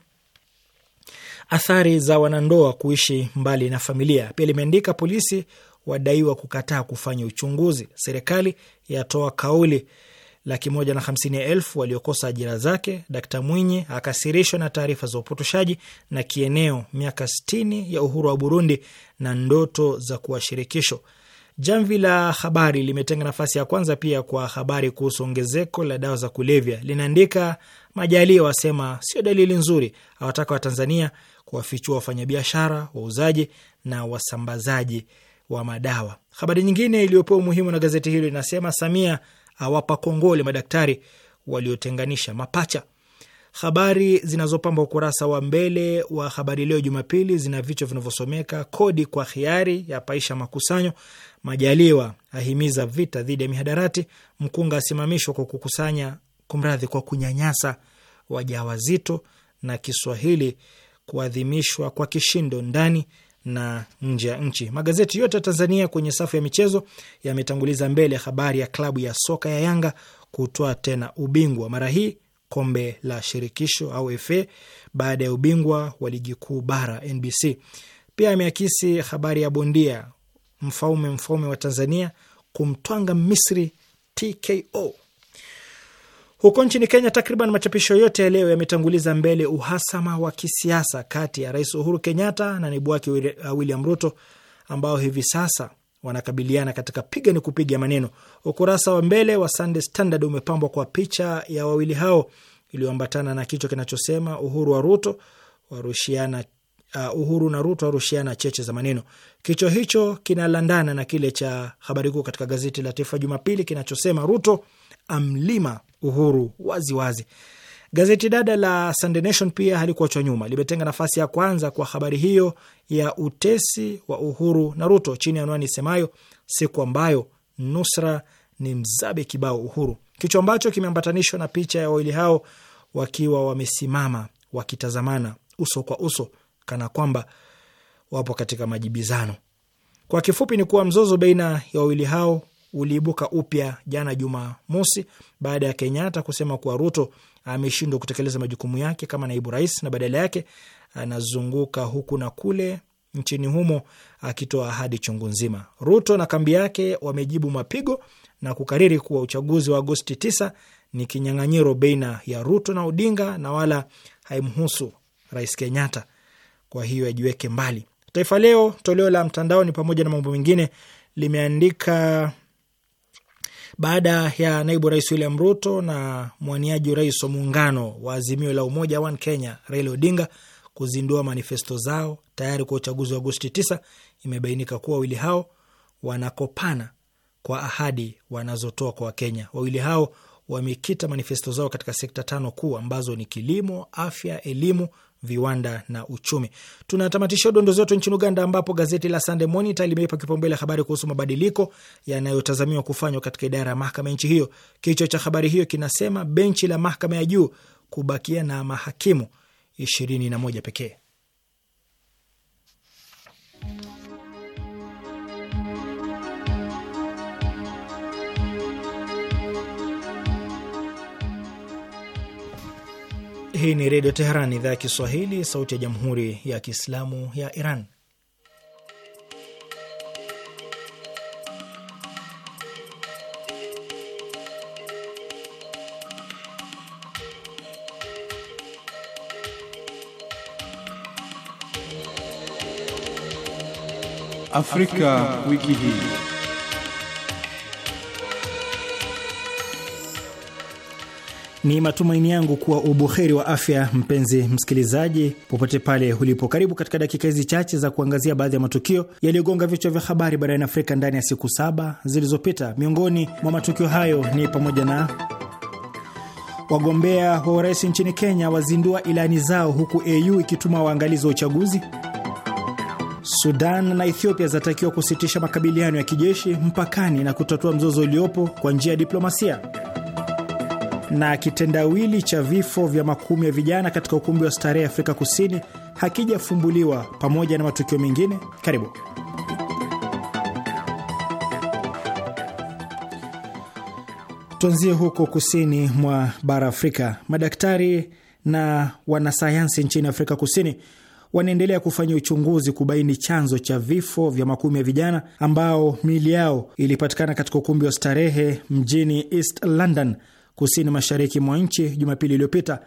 athari za wanandoa kuishi mbali na familia. Pia limeandika polisi wadaiwa kukataa kufanya uchunguzi. Serikali yatoa kauli laki moja na hamsini elfu waliokosa ajira zake. Dkt Mwinyi akasirishwa na taarifa za upotoshaji na kieneo, miaka sitini ya uhuru wa Burundi na ndoto za kuwa shirikisho. Jamvi la Habari limetenga nafasi ya kwanza pia kwa habari kuhusu ongezeko la dawa za kulevya. Linaandika Majalia wasema sio dalili nzuri, awataka Watanzania kuwafichua wafanyabiashara, wauzaji na wasambazaji wa madawa. Habari nyingine iliyopewa umuhimu na gazeti hilo inasema Samia awapa kongole madaktari waliotenganisha mapacha. Habari zinazopamba ukurasa wa mbele wa Habari Leo Jumapili zina vichwa vinavyosomeka kodi kwa hiari ya paisha makusanyo, Majaliwa ahimiza vita dhidi ya mihadarati, mkunga asimamishwa kwa kukusanya kumradhi, kwa kunyanyasa wajawazito, na Kiswahili kuadhimishwa kwa kishindo ndani na nje ya nchi. Magazeti yote ya Tanzania kwenye safu ya michezo yametanguliza mbele habari ya klabu ya soka ya Yanga kutoa tena ubingwa, mara hii kombe la shirikisho au FA baada ya ubingwa wa ligi kuu bara NBC. Pia ameakisi habari ya bondia mfaume mfaume wa Tanzania kumtwanga Misri TKO huko nchini Kenya, takriban machapisho yote ya leo yametanguliza mbele uhasama wa kisiasa kati ya Rais Uhuru Kenyatta na naibu wake uh, William Ruto ambao hivi sasa wanakabiliana katika piga ni kupiga maneno. Ukurasa wa mbele wa Sunday Standard umepambwa kwa picha ya wawili hao iliyoambatana na kichwa kinachosema Uhuru wa Ruto warushiana, uh, Uhuru na Ruto warushiana cheche za maneno. Kichwa hicho kinalandana na kile cha habari kuu katika gazeti la Taifa Jumapili kinachosema Ruto amlima Uhuru waziwazi wazi. Gazeti dada la Sunday Nation pia halikuachwa nyuma, limetenga nafasi ya kwanza kwa habari hiyo ya utesi wa Uhuru na Ruto chini ya anwani isemayo siku ambayo nusra ni mzabe kibao Uhuru, kichwa ambacho kimeambatanishwa na picha ya wawili hao wakiwa wamesimama wakitazamana uso kwa uso kana kwamba wapo katika majibizano. Kwa kifupi ni kuwa mzozo baina ya wawili hao uliibuka upya jana Jumamosi baada ya Kenyatta kusema kuwa Ruto ameshindwa kutekeleza majukumu yake kama naibu rais na badala yake anazunguka huku na kule nchini humo akitoa ahadi chungu nzima. Ruto na kambi yake wamejibu mapigo na kukariri kuwa uchaguzi wa Agosti 9 ni kinyang'anyiro baina ya Ruto na Odinga na wala haimhusu Rais Kenyatta, kwa hiyo ajiweke mbali. Taifa Leo toleo la mtandaoni, pamoja na mambo mengine, limeandika baada ya naibu rais William Ruto na mwaniaji rais wa muungano wa Azimio la Umoja One Kenya Raila Odinga kuzindua manifesto zao tayari kwa uchaguzi wa Agosti 9, imebainika kuwa wawili hao wanakopana kwa ahadi wanazotoa kwa Wakenya. Wawili hao wamekita manifesto zao katika sekta tano kuu ambazo ni kilimo, afya, elimu viwanda na uchumi. Tunatamatisha dondoo zetu nchini Uganda, ambapo gazeti la Sunday Monitor limeipa kipaumbele habari kuhusu mabadiliko yanayotazamiwa kufanywa katika idara ya mahakama ya nchi hiyo. Kichwa cha habari hiyo kinasema benchi la mahakama ya juu kubakia na mahakimu ishirini na moja pekee. Hii ni Redio Teheran, idhaa ya Kiswahili, sauti ya Jamhuri ya Kiislamu ya Iran. Afrika, Afrika wiki hii. Ni matumaini yangu kuwa ubuheri wa afya, mpenzi msikilizaji, popote pale ulipo. Karibu katika dakika hizi chache za kuangazia baadhi ya matukio yaliyogonga vichwa vya habari barani Afrika ndani ya siku saba zilizopita. Miongoni mwa matukio hayo ni pamoja na wagombea wa urais nchini Kenya wazindua ilani zao, huku AU ikituma waangalizi wa uchaguzi; Sudan na Ethiopia zatakiwa kusitisha makabiliano ya kijeshi mpakani na kutatua mzozo uliopo kwa njia ya diplomasia na kitendawili cha vifo vya makumi ya vijana katika ukumbi wa starehe Afrika Kusini hakijafumbuliwa pamoja na matukio mengine. Karibu. Tuanzie huko kusini mwa bara Afrika. Madaktari na wanasayansi nchini Afrika Kusini wanaendelea kufanya uchunguzi kubaini chanzo cha vifo vya makumi ya vijana ambao miili yao ilipatikana katika ukumbi wa starehe mjini East London kusini mashariki mwa nchi Jumapili iliyopita.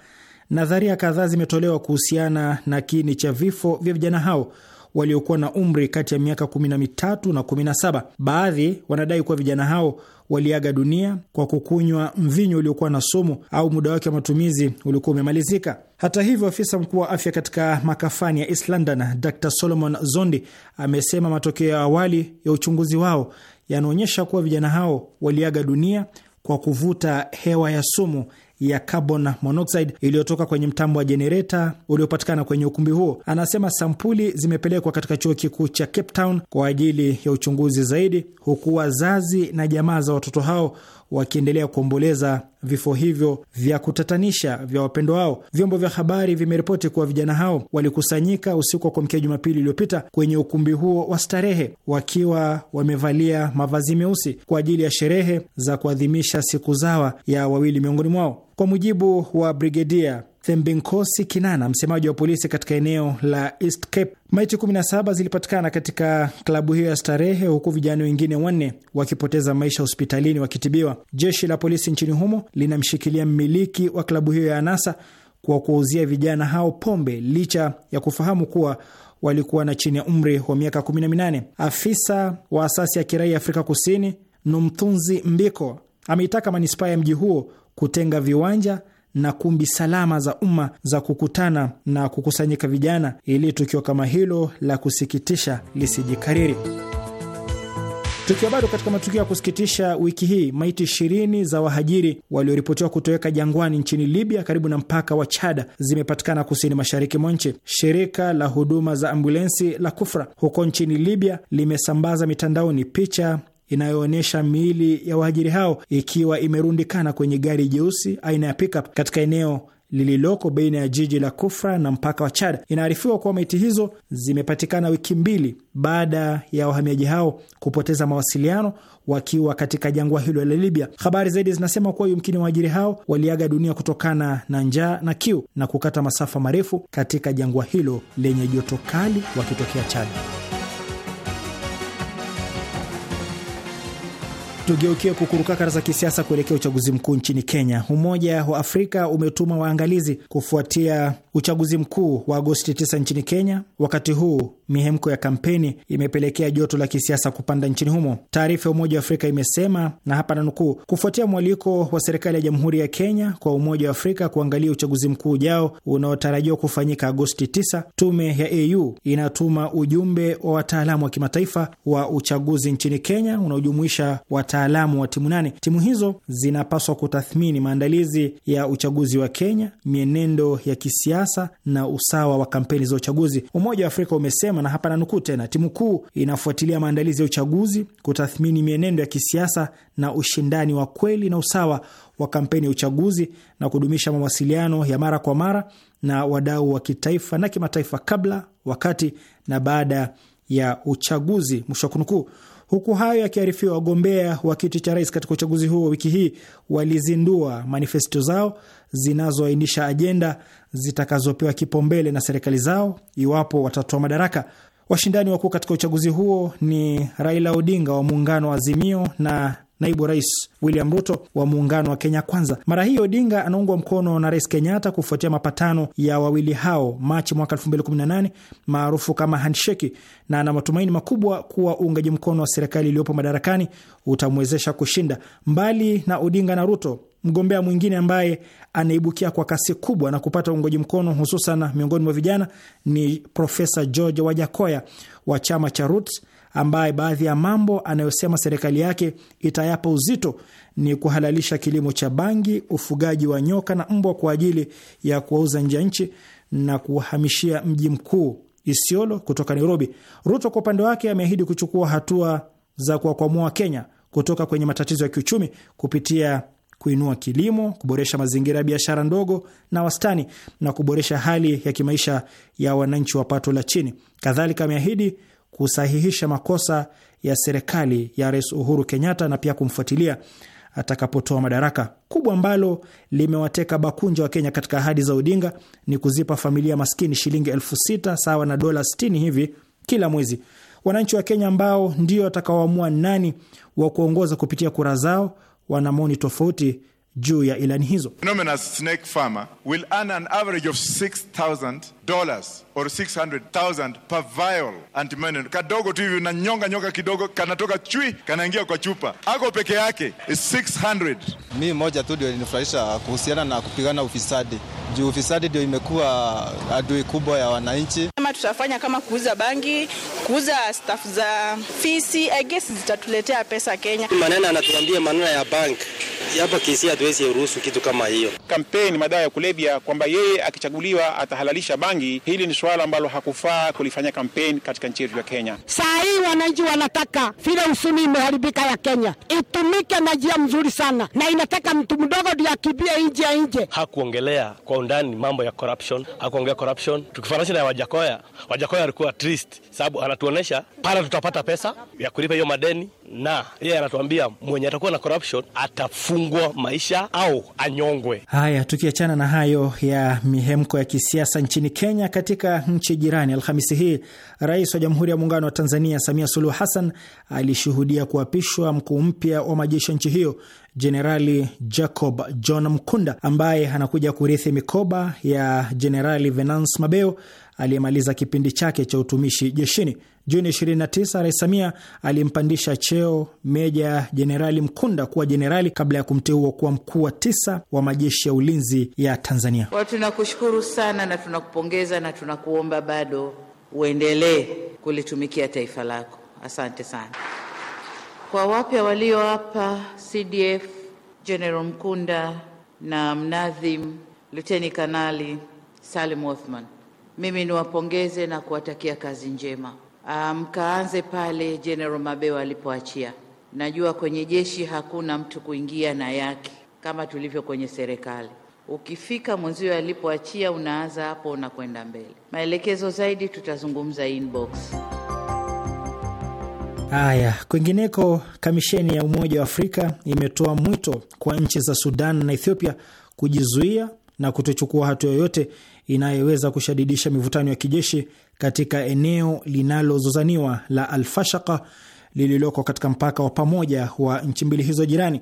Nadharia kadhaa zimetolewa kuhusiana na kiini cha vifo vya vijana hao waliokuwa na umri kati ya miaka 13 na 17. Baadhi wanadai kuwa vijana hao waliaga dunia kwa kukunywa mvinyo uliokuwa na sumu au muda wake wa matumizi ulikuwa umemalizika. Hata hivyo, afisa mkuu wa afya katika makafani ya East London Dr Solomon Zondi amesema matokeo ya awali ya uchunguzi wao yanaonyesha kuwa vijana hao waliaga dunia kwa kuvuta hewa ya sumu ya carbon monoxide iliyotoka kwenye mtambo wa jenereta uliopatikana kwenye ukumbi huo. Anasema sampuli zimepelekwa katika chuo kikuu cha Cape Town kwa ajili ya uchunguzi zaidi, huku wazazi na jamaa za watoto hao wakiendelea kuomboleza vifo hivyo vya kutatanisha vya wapendwa wao. Vyombo vya habari vimeripoti kuwa vijana hao walikusanyika usiku wa kuamkia Jumapili iliyopita kwenye ukumbi huo wa starehe wakiwa wamevalia mavazi meusi kwa ajili ya sherehe za kuadhimisha siku zawa ya wawili miongoni mwao. Kwa mujibu wa Brigedia Thembinkosi Kinana, msemaji wa polisi katika eneo la East Cape. Maiti 17 zilipatikana katika klabu hiyo ya starehe, huku vijana wengine wanne wakipoteza maisha hospitalini wakitibiwa. Jeshi la polisi nchini humo linamshikilia mmiliki wa klabu hiyo ya anasa kwa kuwauzia vijana hao pombe licha ya kufahamu kuwa walikuwa na chini ya umri wa miaka 18. Afisa wa asasi ya kiraia Afrika Kusini Nomthunzi Mbiko ameitaka manispaa ya mji huo kutenga viwanja na kumbi salama za umma za kukutana na kukusanyika vijana, ili tukio kama hilo la kusikitisha lisijikariri. Tukiwa bado katika matukio ya kusikitisha, wiki hii maiti ishirini za wahajiri walioripotiwa kutoweka jangwani nchini Libya karibu na mpaka wa Chada zimepatikana kusini mashariki mwa nchi. Shirika la huduma za ambulensi la Kufra huko nchini Libya limesambaza mitandaoni picha inayoonyesha miili ya waajiri hao ikiwa imerundikana kwenye gari jeusi aina ya pickup katika eneo lililoko baina ya jiji la Kufra na mpaka wa Chad. Inaarifiwa kuwa maiti hizo zimepatikana wiki mbili baada ya wahamiaji hao kupoteza mawasiliano wakiwa katika jangwa hilo la Libya. Habari zaidi zinasema kuwa yumkini waajiri hao waliaga dunia kutokana na njaa na kiu na kukata masafa marefu katika jangwa hilo lenye joto kali wakitokea Chad. Tugeukie kukurukakara za kisiasa kuelekea uchaguzi mkuu nchini Kenya. Umoja wa Afrika umetuma waangalizi kufuatia uchaguzi mkuu wa Agosti 9 nchini Kenya, wakati huu mihemko ya kampeni imepelekea joto la kisiasa kupanda nchini humo. Taarifa ya Umoja wa Afrika imesema na hapa nanukuu, kufuatia mwaliko wa serikali ya Jamhuri ya Kenya kwa Umoja wa Afrika kuangalia uchaguzi mkuu ujao unaotarajiwa kufanyika Agosti 9, tume ya AU inatuma ujumbe wa wataalamu wa kimataifa wa uchaguzi nchini Kenya unaojumuisha wataalamu wa timu nane. Timu hizo zinapaswa kutathmini maandalizi ya uchaguzi wa Kenya, mienendo ya kisiasa na usawa wa kampeni za uchaguzi. Umoja wa Afrika umesema inasema, na hapa nanukuu tena, timu kuu inafuatilia maandalizi ya uchaguzi, kutathmini mienendo ya kisiasa na ushindani wa kweli na usawa wa kampeni ya uchaguzi na kudumisha mawasiliano ya mara kwa mara na wadau wa kitaifa na kimataifa kabla, wakati na baada ya uchaguzi, mwisho wa kunukuu. Huku hayo yakiarifiwa, wagombea wa kiti cha rais katika uchaguzi huo wiki hii walizindua manifesto zao zinazoainisha ajenda zitakazopewa kipaumbele na serikali zao iwapo watatoa madaraka. Washindani wakuu katika uchaguzi huo ni Raila Odinga wa muungano wa Azimio na naibu rais William Ruto wa muungano wa Kenya Kwanza. Mara hii Odinga anaungwa mkono na Rais Kenyatta kufuatia mapatano ya wawili hao Machi mwaka 2018 maarufu kama hansheki na ana matumaini makubwa kuwa uungaji mkono wa serikali iliyopo madarakani utamwezesha kushinda. Mbali na Odinga na Ruto, mgombea mwingine ambaye anaibukia kwa kasi kubwa na kupata uungaji mkono hususan miongoni mwa vijana ni Profesa George Wajakoya wa chama cha Roots ambaye baadhi ya mambo anayosema serikali yake itayapa uzito ni kuhalalisha kilimo cha bangi, ufugaji wa nyoka na mbwa kwa ajili ya kuwauza nje ya nchi na kuhamishia mji mkuu Isiolo kutoka Nairobi. Ruto kwa upande wake ameahidi kuchukua hatua za kuwakwamua Kenya kutoka kwenye matatizo ya kiuchumi kupitia kuinua kilimo, kuboresha mazingira ya biashara ndogo na wastani na kuboresha hali ya kimaisha ya wananchi wa pato la chini. Kadhalika ameahidi kusahihisha makosa ya serikali ya Rais Uhuru Kenyatta na pia kumfuatilia atakapotoa madaraka. Kubwa ambalo limewateka bakunja wa Kenya katika ahadi za Odinga ni kuzipa familia maskini shilingi elfu sita sawa na dola 60 hivi kila mwezi. Wananchi wa Kenya ambao ndio watakaoamua nani wa kuongoza kupitia kura zao wana maoni tofauti juu ya ilani hizo. Kadogo tu hivi unanyonga nyoka kidogo kanatoka chui kanaingia kwa chupa. Ako peke yake 600. mi moja tu ndio ilinifurahisha kuhusiana na kupigana ufisadi. Juu ufisadi ndio imekuwa adui kubwa ya wananchi. Kama tutafanya kama kuuza bangi, kuuza staff za fisi, I guess zitatuletea pesa Kenya. Maneno anatuambia maneno ya bank hapa kesi hatuwezi ruhusu kitu kama hiyo. Kampeni madawa ya kulevya kwamba yeye akichaguliwa atahalalisha bangi, hili ni suala ambalo hakufaa kulifanya kampeni katika nchi yetu ya Kenya. Saa hii wananchi wanataka vile usuni imeharibika ya Kenya itumike na njia mzuri sana, na inataka mtu mdogo ndio akimbie nje ya nje. Hakuongelea kwa undani mambo ya corruption, hakuongelea corruption, tukifananisha na Wajakoya. Wajakoya alikuwa trist sababu anatuonyesha pale tutapata pesa ya kulipa hiyo madeni, na yeye anatuambia mwenye atakuwa na corruption atafungwa maisha au anyongwe. Haya, tukiachana na hayo ya mihemko ya kisiasa nchini Kenya, katika nchi jirani, Alhamisi hii Rais wa Jamhuri ya Muungano wa Tanzania Samia Suluhu Hassan alishuhudia kuapishwa mkuu mpya wa majeshi ya nchi hiyo Jenerali Jacob John Mkunda ambaye anakuja kurithi mikoba ya Jenerali Venance Mabeo aliyemaliza kipindi chake cha utumishi jeshini. Juni 29 Rais Samia alimpandisha cheo Meja Jenerali Mkunda kuwa jenerali kabla ya kumteua kuwa mkuu wa tisa wa majeshi ya ulinzi ya Tanzania. Kwa tunakushukuru sana na tunakupongeza na tunakuomba bado uendelee kulitumikia taifa lako. Asante sana. Kwa wapya walio hapa, CDF General Mkunda na mnadhim Luteni Kanali Salim Othman, mimi niwapongeze na kuwatakia kazi njema. Ah, mkaanze um, pale General Mabewa alipoachia. Najua kwenye jeshi hakuna mtu kuingia na yake kama tulivyo kwenye serikali. Ukifika mwenzio alipoachia, unaanza hapo, unakwenda mbele. Maelekezo zaidi tutazungumza inbox. Haya, kwingineko, kamisheni ya Umoja wa Afrika imetoa mwito kwa nchi za Sudan na Ethiopia kujizuia na kutochukua hatua yoyote inayoweza kushadidisha mivutano ya kijeshi katika eneo linalozozaniwa la Alfashaka lililoko katika mpaka wa pamoja wa nchi mbili hizo jirani.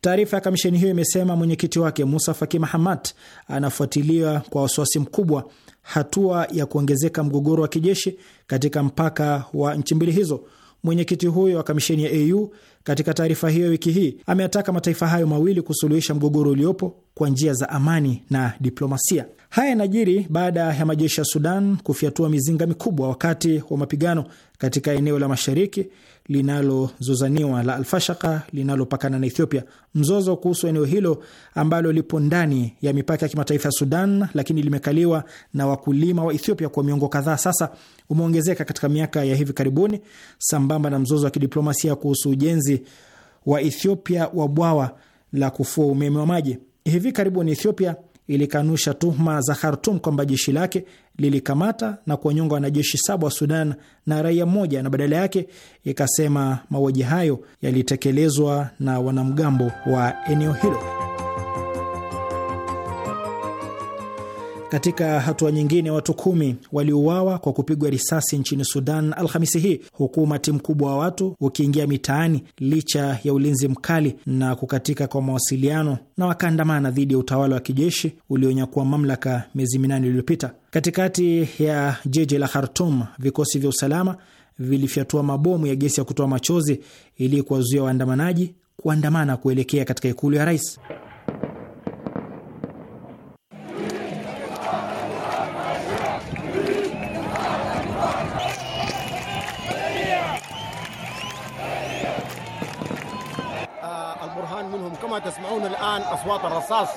Taarifa ya kamisheni hiyo imesema mwenyekiti wake Musa Faki Mahamat anafuatiliwa kwa wasiwasi mkubwa hatua ya kuongezeka mgogoro wa kijeshi katika mpaka wa nchi mbili hizo. Mwenyekiti huyo wa kamisheni ya AU katika taarifa hiyo wiki hii ameyataka mataifa hayo mawili kusuluhisha mgogoro uliopo kwa njia za amani na diplomasia. Haya yanajiri baada ya majeshi ya Sudan kufyatua mizinga mikubwa wakati wa mapigano katika eneo la mashariki linalozozaniwa la Alfashaka linalopakana na Ethiopia. Mzozo kuhusu eneo hilo ambalo lipo ndani ya mipaka ya kimataifa ya Sudan, lakini limekaliwa na wakulima wa Ethiopia kwa miongo kadhaa sasa, umeongezeka katika miaka ya hivi karibuni sambamba na mzozo wa kidiplomasia kuhusu ujenzi wa Ethiopia wa bwawa la kufua umeme wa maji. Hivi karibuni Ethiopia ilikanusha tuhuma za Khartum kwamba jeshi lake lilikamata na kuwanyonga wanajeshi saba wa Sudan na raia mmoja, na badala yake ikasema mauaji hayo yalitekelezwa na wanamgambo wa eneo hilo. Katika hatua nyingine, watu kumi waliuawa kwa kupigwa risasi nchini Sudan Alhamisi hii, huku umati mkubwa wa watu ukiingia mitaani licha ya ulinzi mkali na kukatika kwa mawasiliano, na wakaandamana dhidi ya utawala wa kijeshi ulionyakua mamlaka miezi minane iliyopita. Katikati ya jiji la Khartum, vikosi vya usalama vilifyatua mabomu ya gesi ya kutoa machozi ili kuwazuia waandamanaji kuandamana kuelekea katika ikulu ya rais. كما تسمعون الآن أصوات الرصاص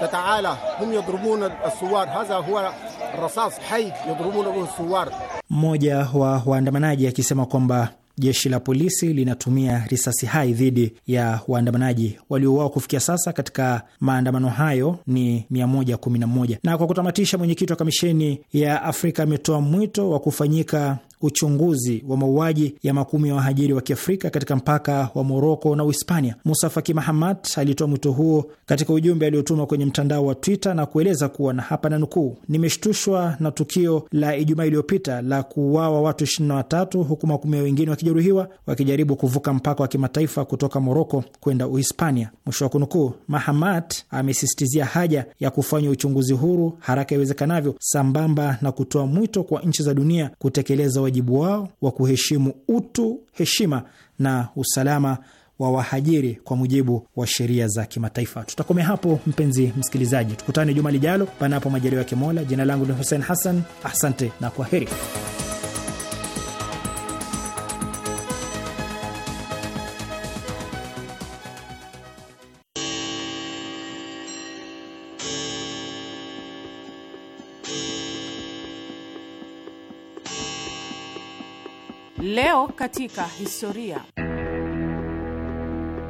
تتعالى هم يضربون الثوار هذا هو الرصاص حي يضربون به الثوار mmoja wa waandamanaji akisema kwamba jeshi la polisi linatumia risasi hai dhidi ya waandamanaji. Waliouawa kufikia sasa katika maandamano hayo ni 111. Na kwa kutamatisha, mwenyekiti wa kamisheni ya Afrika ametoa mwito wa kufanyika uchunguzi wa mauaji ya makumi ya wahajiri wa Kiafrika katika mpaka wa Moroko na Uhispania. Musa Faki Mahamat alitoa mwito huo katika ujumbe aliotuma kwenye mtandao wa Twitter na kueleza kuwa, na hapa na nukuu, nimeshtushwa na tukio la Ijumaa iliyopita la kuuawa watu 23 huku makumi wengine wakijeruhiwa wakijaribu kuvuka mpaka wa kimataifa kutoka Moroko kwenda Uhispania, mwisho wa kunukuu. Mahamat amesisitizia haja ya kufanya uchunguzi huru haraka iwezekanavyo, sambamba na kutoa mwito kwa nchi za dunia kutekeleza wajibu wao wa kuheshimu utu, heshima na usalama wa wahajiri kwa mujibu wa sheria za kimataifa. Tutakomea hapo mpenzi msikilizaji, tukutane juma lijalo, panapo majaliwa ya Kimola. Jina langu ni Hussein Hassan, asante na kwa heri. Leo katika historia.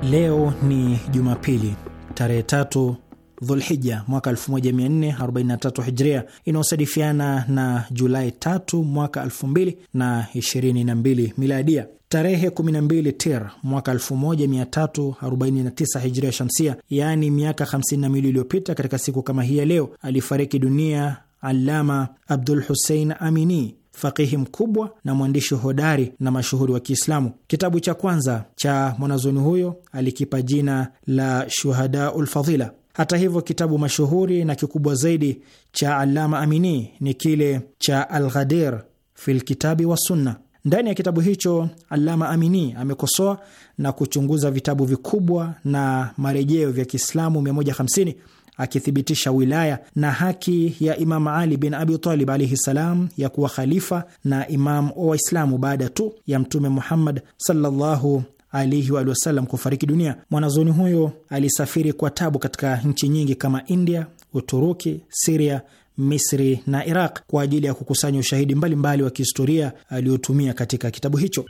Leo ni Jumapili tarehe tatu Dhulhija mwaka 1443 Hijria, inayosadifiana na Julai 3 mwaka 2022 Miladia. Tarehe 12 Tir mwaka 1349 Hijria Shamsia, yaani miaka 52 iliyopita, katika siku kama hii ya leo alifariki dunia Allama Abdul Hussein Amini, fakihi mkubwa na mwandishi hodari na mashuhuri wa Kiislamu. Kitabu cha kwanza cha mwanazoni huyo alikipa jina la Shuhada Fadhila. Hata hivyo, kitabu mashuhuri na kikubwa zaidi cha alama Amini ni kile cha Alghadir fi lkitabi wa Sunna. Ndani ya kitabu hicho alama Amini amekosoa na kuchunguza vitabu vikubwa na marejeo vya Kiislamu 150 akithibitisha wilaya na haki ya Imamu Ali bin Abi Talib alaihi salam ya kuwa khalifa na imamu wa Waislamu baada tu ya Mtume Muhammad sallallahu alaihi wa kufariki dunia. mwanazoni huyo alisafiri kwa tabu katika nchi nyingi kama India, Uturuki, Siria, Misri na Iraq kwa ajili ya kukusanya ushahidi mbalimbali mbali wa kihistoria aliotumia katika kitabu hicho.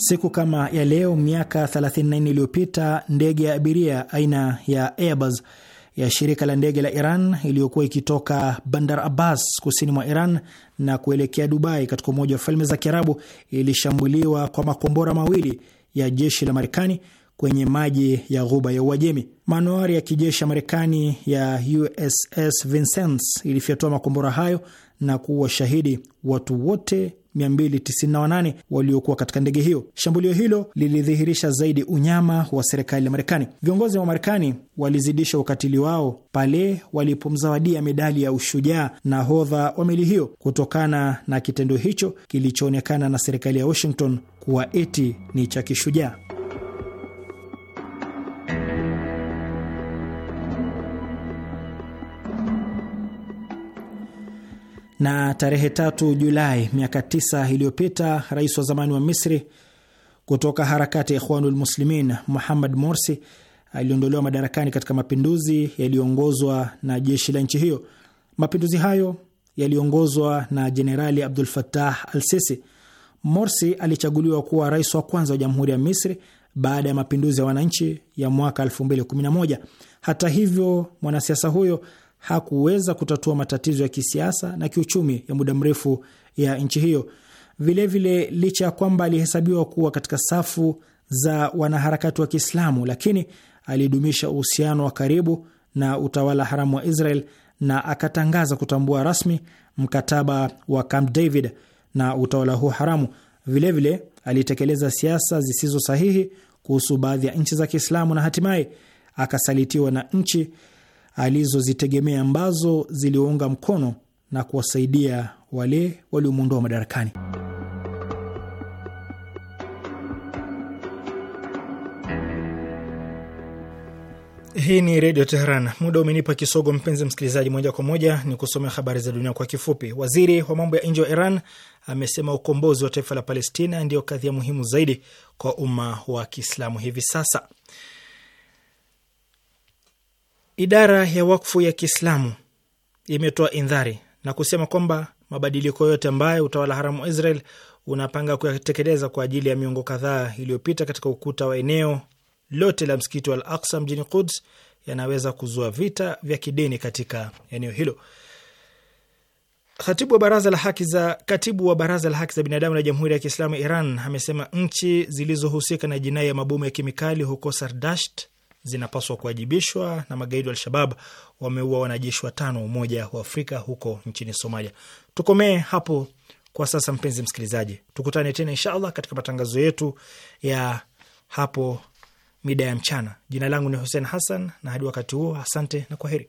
Siku kama ya leo miaka 34 iliyopita ndege ya abiria aina ya Airbus ya shirika la ndege la Iran iliyokuwa ikitoka Bandar Abbas kusini mwa Iran na kuelekea Dubai katika Umoja wa Falme za Kiarabu ilishambuliwa kwa makombora mawili ya jeshi la Marekani kwenye maji ya ghuba ya Uajemi. Manuari ya kijeshi ya Marekani ya USS Vincennes ilifyatua makombora hayo na kuua shahidi watu wote 298 waliokuwa katika ndege hiyo. Shambulio hilo lilidhihirisha zaidi unyama wa serikali ya Marekani. Viongozi wa Marekani walizidisha ukatili wao pale walipomzawadia medali ya ushujaa nahodha wa meli hiyo kutokana na kitendo hicho kilichoonekana na serikali ya Washington kuwa eti ni cha kishujaa. na tarehe tatu Julai miaka tisa iliyopita rais wa zamani wa Misri kutoka harakati ya Ikhwanul Muslimin Muhammad Morsi aliondolewa madarakani katika mapinduzi yaliyoongozwa na jeshi la nchi hiyo. Mapinduzi hayo yaliongozwa na Jenerali Abdul Fattah al Sisi. Morsi alichaguliwa kuwa rais wa kwanza wa jamhuri ya Misri baada ya mapinduzi ya wananchi ya mwaka 2011. Hata hivyo, mwanasiasa huyo hakuweza kutatua matatizo ya kisiasa na kiuchumi ya muda mrefu ya nchi hiyo. Vilevile, licha ya kwamba alihesabiwa kuwa katika safu za wanaharakati wa Kiislamu, lakini alidumisha uhusiano wa karibu na utawala haramu wa Israel na akatangaza kutambua rasmi mkataba wa Camp David na utawala huo haramu. Vilevile alitekeleza siasa zisizo sahihi kuhusu baadhi ya nchi za Kiislamu na hatimaye akasalitiwa na nchi alizozitegemea ambazo ziliwaunga mkono na kuwasaidia wale waliomwondoa madarakani. Hii ni Redio Teheran. Muda umenipa kisogo, mpenzi msikilizaji. Moja kwa moja ni kusomea habari za dunia kwa kifupi. Waziri wa mambo ya nje wa Iran amesema ukombozi wa taifa la Palestina ndiyo kadhia muhimu zaidi kwa umma wa Kiislamu hivi sasa. Idara ya wakfu ya Kiislamu imetoa indhari na kusema kwamba mabadiliko yote ambayo utawala haramu wa Israel unapanga kuyatekeleza kwa ajili ya miongo kadhaa iliyopita katika ukuta wa eneo lote la msikiti wa Al Aksa mjini Quds yanaweza kuzua vita vya kidini katika eneo hilo. Katibu wa baraza la haki za katibu wa baraza la haki za binadamu la Jamhuri ya Kiislamu Iran amesema nchi zilizohusika na jinai ya mabomu ya kemikali huko Sardasht zinapaswa kuwajibishwa na magaidi wa Alshabab wameua wanajeshi watano wa Umoja wa Afrika huko nchini Somalia. Tukomee hapo kwa sasa, mpenzi msikilizaji, tukutane tena inshallah katika matangazo yetu ya hapo mida ya mchana. Jina langu ni Hussein Hassan na hadi wakati huo, asante na kwaheri